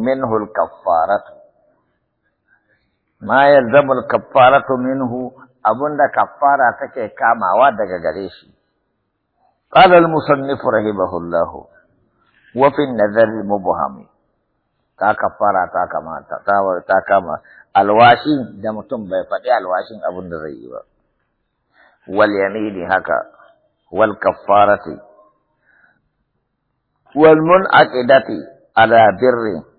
منه الكفارة ما يلزم الكفارة منه أبن كفارة تكي كاما وادك غريشي قال المصنف رحمه الله وفي النذر المبهم تا كفارة تا كما تا تا كما الواشين دمتم متم بيفتي الواشين أبن ريبا واليمين هكا والكفارة والمنعقدة على بره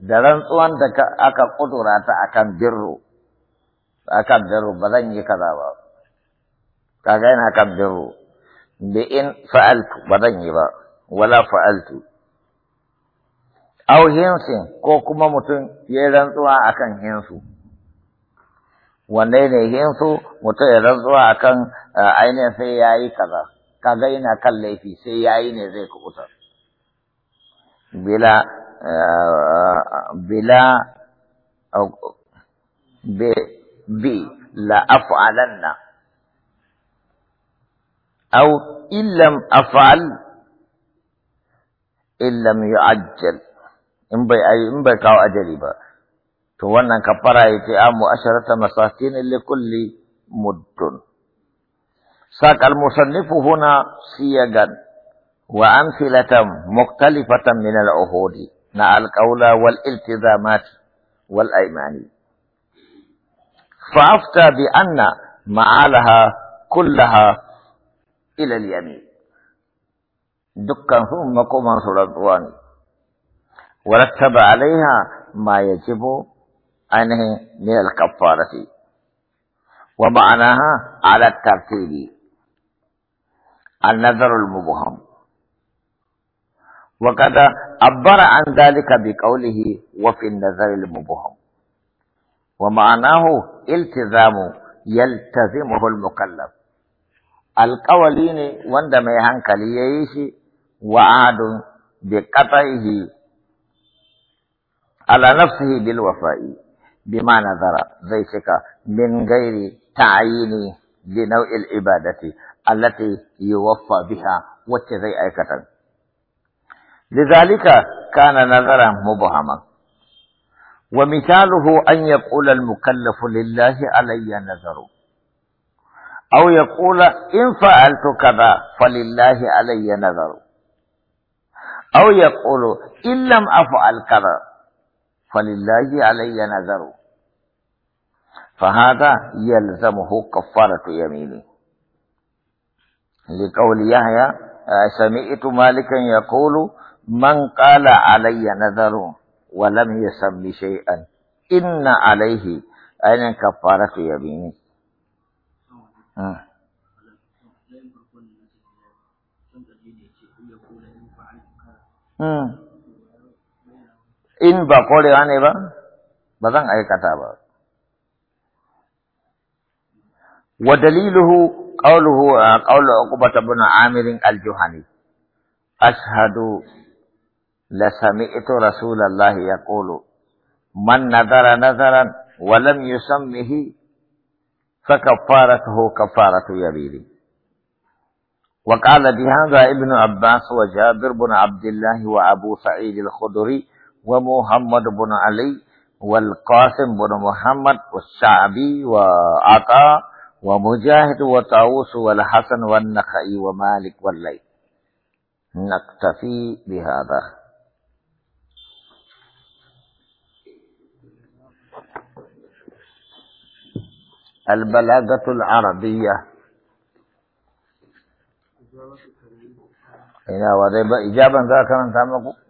da rantsuwan da aka kudura ta akan birru akan birro ba zan yi kaza ba kaga yana kan birru bi in fa'altu ba zan yi ba wala fa'altu aw hinsin ko kuma mutum ya yi rantsuwa akan hinsu wanne ne hinsu mutum ya rantsuwa akan ainihin sai ya yi kaza kaga yana kan laifi sai ya yi ne zai kubuta bila بلا أو ب ب لا أفعلن أو إن لم أفعل إن لم يعجل إن بي أي إن بي كاو أجلي با تونا كبرا إتئام أشرة مساكين لكل مد ساك المصنف هنا سيغا وأمثلة مختلفة من العهود مع القول والالتزامات والايمان فافتى بان معالها كلها الى اليمين دكهم مقوما سلطوان ورتب عليها ما يجب عنه من الكفاره ومعناها على الترتيب النظر المبهم وقد عبر عن ذلك بقوله وفي النظر المبهم ومعناه التزام يلتزمه المكلف القولين وندم يهنكلي يشي وعاد بقطعه على نفسه بالوفاء بما نظر ذيك من غير تعيين لنوع العبادة التي يوفى بها وتزي أيكتن لذلك كان نظرا مبهما ومثاله أن يقول المكلف لله علي نذر أو يقول إن فعلت كذا فلله علي نذر أو يقول إن لم أفعل كذا فلله علي نذر فهذا يلزمه كفارة يمينه لقول يحيى سمعت مالكا يقول من قال علي نذر ولم يسم شيئا ان عليه اين كفاره يميني آه. آه. ان بقول ان ايه بقى اي كتاب ودليله قوله قول عقبه بن عامر الجهني اشهد لسمعت رسول الله يقول من نذر نذرا ولم يسمه فكفارته كفارة يمينه وقال بهذا ابن عباس وجابر بن عبد الله وأبو سعيد الخدري ومحمد بن علي والقاسم بن محمد والشعبي وعطاء ومجاهد وطاووس والحسن والنخعي ومالك والليل نكتفي بهذا البلاغة العربية إذا وضع إجابة ذاكرا